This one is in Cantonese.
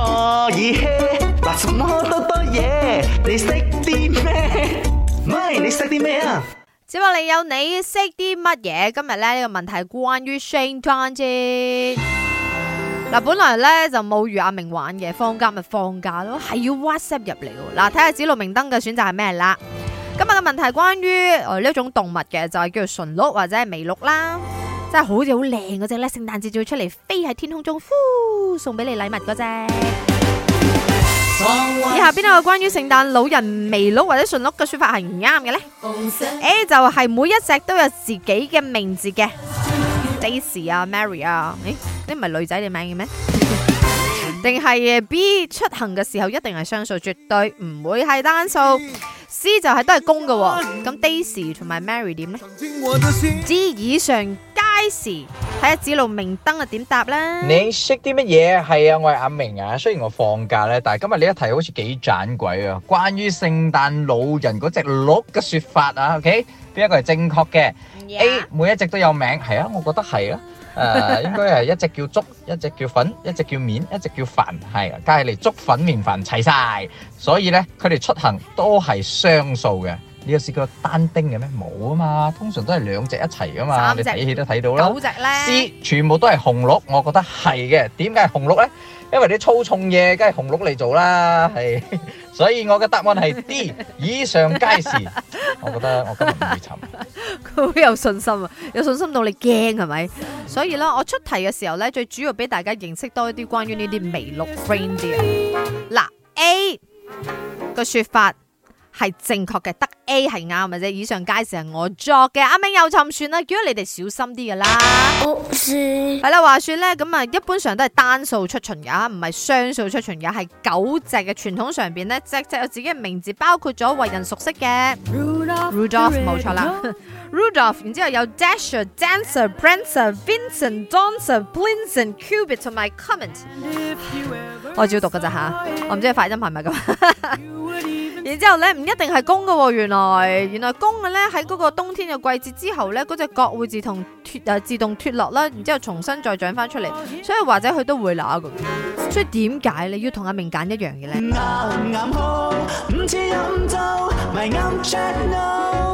我嗱，什多嘢？你識啲咩？咪你識啲咩啊？只話你有你識啲乜嘢？今日咧呢、呢個問題關於 Shame Time 嗱，本來咧就冇預阿明玩嘅，放假咪放假咯，係要 WhatsApp 入嚟喎。嗱、啊，睇下指路明燈嘅選擇係咩啦？今日嘅問題關於哦呢一種動物嘅，就係、是、叫做純鹿或者係麋鹿啦。真係好似好靚嗰隻咧，聖誕節就會出嚟飛喺天空中，呼送俾你禮物嗰隻。以下邊一個關於聖誕老人麋鹿或者馴鹿嘅說法係唔啱嘅咧？A，就係每一隻都有自己嘅名字嘅，Daisy 啊，Mary 啊，誒，呢唔係女仔嘅名嘅咩？定係 B，出行嘅時候一定係雙數，絕對唔會係單數。C 就係都係公嘅，咁 Daisy 同埋 Mary 點咧？D 以上。睇時睇下指路明燈啊，點答咧？你識啲乜嘢？係啊，我係阿明啊。雖然我放假咧，但係今日呢一題好似幾盞鬼啊。關於聖誕老人嗰隻鹿嘅說法啊，OK？邊一個係正確嘅？A 每一隻都有名，係啊，我覺得係啊。誒，應該係一隻叫粥，一隻叫粉，一隻叫麵，一隻叫飯，係。但係嚟粥粉麵飯齊晒，所以咧，佢哋出行都係雙數嘅。你有試過單丁嘅咩？冇啊嘛，通常都係兩隻一齊噶嘛。三隻你睇戲都睇到啦。九隻咧。C 全部都係紅綠，我覺得係嘅。點解係紅綠咧？因為啲粗重嘢梗係紅綠嚟做啦，係。所以我嘅答案係 D，以上皆是。我覺得我今日唔會蠢。佢好有信心啊！有信心到你驚係咪？所以啦，我出題嘅時候咧，最主要俾大家認識多一啲關於呢啲微綠 friend 啲啊。嗱 A 個説法係正確嘅，得。A 係啱或者以上介紹係我作嘅，阿明又沉算？啦，叫你哋小心啲噶啦。係、oh, 啦，話說咧，咁啊，一般上都係單數出巡噶，唔係雙數出巡噶，係九隻嘅傳統上邊咧，隻隻有自己嘅名字，包括咗為人熟悉嘅 Rudolph 冇錯啦，Rudolph， 然之後有 Dasher，Dancer，Prancer，Vixen，Donner，Blitzen，Cupid 同埋 Comet，我照讀噶咋吓，我唔知佢發音係咪咁，然之後咧，唔一定係公嘅喎，原來。係，原來公嘅，咧喺嗰個冬天嘅季節之後咧，嗰、那、隻、個、角，會自動脫，誒自動脫落啦，然之後重新再長翻出嚟，所以或者佢都會甩、那個。所以點解你要同阿明揀一樣嘅咧？嗯嗯嗯好。